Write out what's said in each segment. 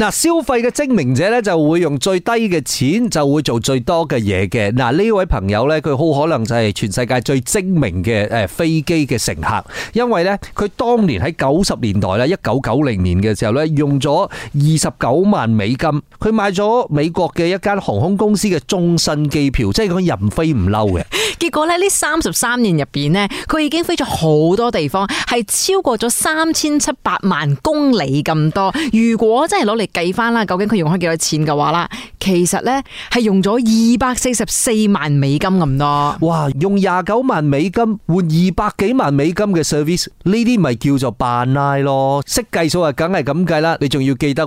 嗱，消費嘅精明者咧就會用最低嘅錢就會做最多嘅嘢嘅。嗱，呢位朋友咧，佢好可能就係全世界最精明嘅誒飛機嘅乘客，因為咧佢當年喺九十年代咧，一九九零年嘅時候咧，用咗二十九萬美金，佢買咗美國嘅一間航空公司嘅終身機票，即係佢任飛唔嬲嘅。結果咧，呢三十三年入邊咧，佢已經飛咗好多地方，係超過咗三千七百萬公里咁多。如果真係攞嚟計翻啦，究竟佢用開幾多錢嘅話啦？其實呢，係用咗二百四十四萬美金咁多。哇，用廿九萬美金換二百幾萬美金嘅 service，呢啲咪叫做扮奶咯？識計數啊，梗係咁計啦。你仲要記得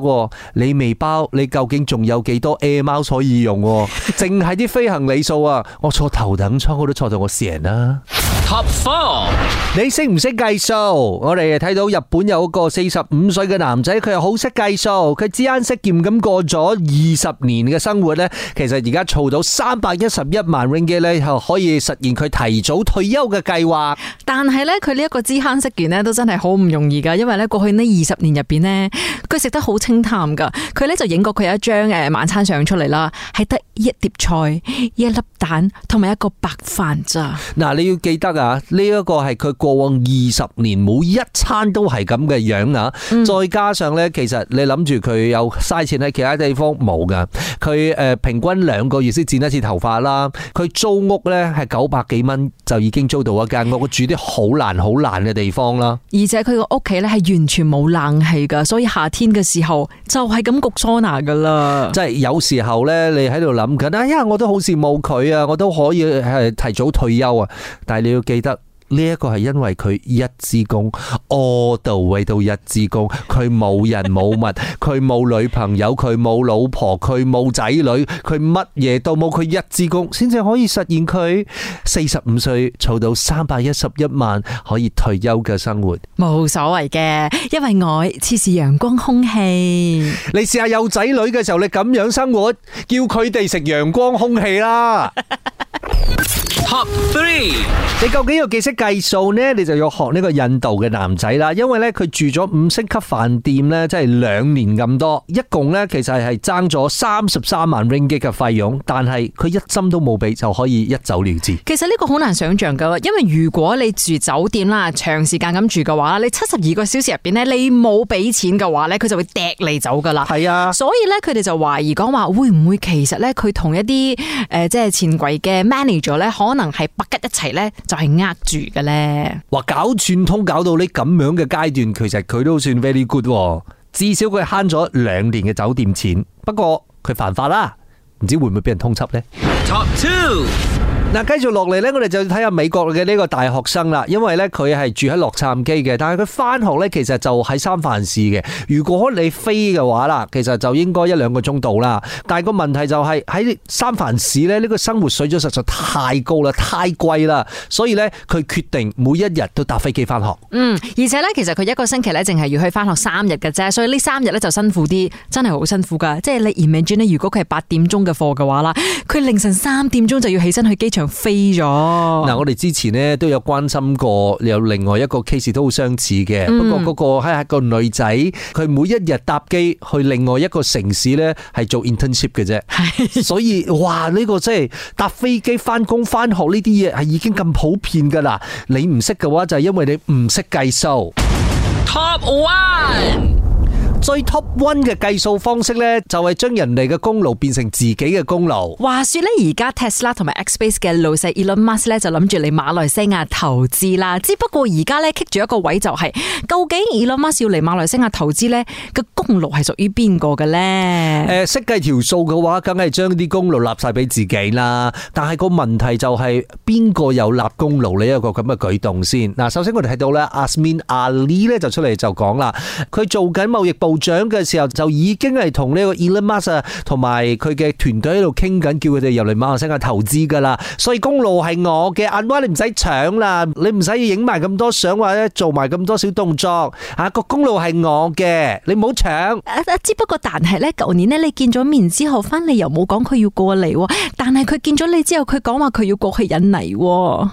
你未包，你究竟仲有幾多 air 貓可以用？淨係啲飛行里數啊！我坐頭等艙，我都坐到我成啦。Top four，你識唔識計數？我哋睇到日本有一個四十五歲嘅男仔，佢又好識計數，佢知慳識儉咁過咗二十年嘅生活呢，其實而家儲到三百一十一萬 ringgit 咧，就可以實現佢提早退休嘅計劃。但係呢，佢呢一個知慳識儉咧，都真係好唔容易噶因為呢，過去呢二十年入邊呢，佢食得好清淡噶。佢呢就影過佢一張誒晚餐相出嚟啦，係得一碟菜、一粒蛋同埋一個白飯咋。嗱，你要記得。呢一個係佢過往二十年每一餐都係咁嘅樣啊！再加上呢，其實你諗住佢有嘥錢喺其他地方冇噶？佢誒平均兩個月先剪一次頭髮啦。佢租屋呢係九百幾蚊就已經租到一間屋，佢住啲好爛好爛嘅地方啦。而且佢個屋企呢係完全冇冷氣噶，所以夏天嘅時候就係咁焗桑拿噶啦。即係有時候呢，你喺度諗緊，哎呀，我都好羨慕佢啊，我都可以係提早退休啊，但係你要記得呢一個係因為佢一支公，我到為到一支公，佢冇人冇物，佢冇女朋友，佢冇老婆，佢冇仔女，佢乜嘢都冇，佢一支公先至可以實現佢四十五歲儲到三百一十一萬可以退休嘅生活。冇所謂嘅，因為我似是陽光空氣。你試下有仔女嘅時候，你咁樣生活，叫佢哋食陽光空氣啦。Top three 你究竟要幾識計數呢？你就要學呢個印度嘅男仔啦，因為呢，佢住咗五星級飯店呢，即係兩年咁多，一共呢，其實係爭咗三十三萬 ringgit 嘅費用，但係佢一針都冇俾就可以一走了之。其實呢個好難想象噶，因為如果你住酒店啦，長時間咁住嘅話，你七十二個小時入邊呢，你冇俾錢嘅話呢，佢就會趯你走噶啦。係啊，所以呢，佢哋就懷疑講話會唔會其實呢，佢同一啲誒即係前櫃嘅 manager 呢？可能。係百吉一齊呢，就係呃住嘅咧。話搞串通，搞到呢咁樣嘅階段，其實佢都算 very good，至少佢慳咗兩年嘅酒店錢。不過佢犯法啦，唔知會唔會俾人通緝呢？Top Two。嗱，繼續落嚟呢，我哋就睇下美國嘅呢個大學生啦。因為呢，佢係住喺洛杉磯嘅，但係佢翻學呢，其實就喺三藩市嘅。如果你飛嘅話啦，其實就應該一兩個鐘到啦。但係個問題就係喺三藩市呢，呢、這個生活水準實在太高啦，太貴啦，所以呢，佢決定每一日都搭飛機翻學。嗯，而且呢，其實佢一個星期呢，淨係要去翻學三日嘅啫，所以呢三日呢就辛苦啲，真係好辛苦噶。即係你 i m a g 如果佢係八點鐘嘅課嘅話啦，佢凌晨三點鐘就要起身去機場。飛咗嗱，我哋之前咧都有關心過，有另外一個 case 都好相似嘅，不過嗰個係一個女仔，佢每一日搭機去另外一個城市咧，係做 internship 嘅啫，所以哇，呢個即係搭飛機翻工翻學呢啲嘢係已經咁普遍噶啦，你唔識嘅話就係因為你唔識計數。Top one。最 top one 嘅計數方式咧，就係將人哋嘅功勞變成自己嘅功勞。話說咧，而家 Tesla 同埋 SpaceX 嘅老細 Elon Musk 咧，就諗住嚟馬來西亞投資啦。只不過而家咧棘住一個位就係，究竟 Elon Musk 要嚟馬來西亞投資咧嘅功勞係屬於邊個嘅咧？誒，識計條數嘅話，梗係將啲功勞立晒俾自己啦。但係個問題就係，邊個有立功勞呢？一個咁嘅舉動先。嗱，首先我哋睇到咧，Azmin Ali 咧就出嚟就講啦，佢做緊貿易部。長嘅時候就已經係同呢個 Elon Musk 同埋佢嘅團隊喺度傾緊，叫佢哋入嚟馬來西亞投資噶啦。所以功勞係我嘅，阿媽你唔使搶啦，你唔使要影埋咁多相或者做埋咁多小動作吓，個功勞係我嘅，你唔好搶。啊，只不過但係呢，舊年呢，你見咗面之後，翻嚟又冇講佢要過嚟，但係佢見咗你之後，佢講話佢要過去印尼喎。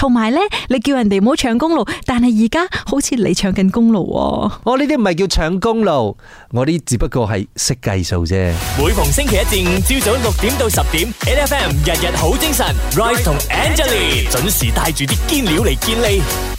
同埋咧，你叫人哋唔好搶功勞，但係而家好似你搶緊功勞喎。我呢啲唔係叫搶功勞，我呢啲只不過係識計數啫。每逢星期一至五朝早六點到十點，N F M 日日好精神，Rise、right、同 Angelie 準時帶住啲堅料嚟堅利。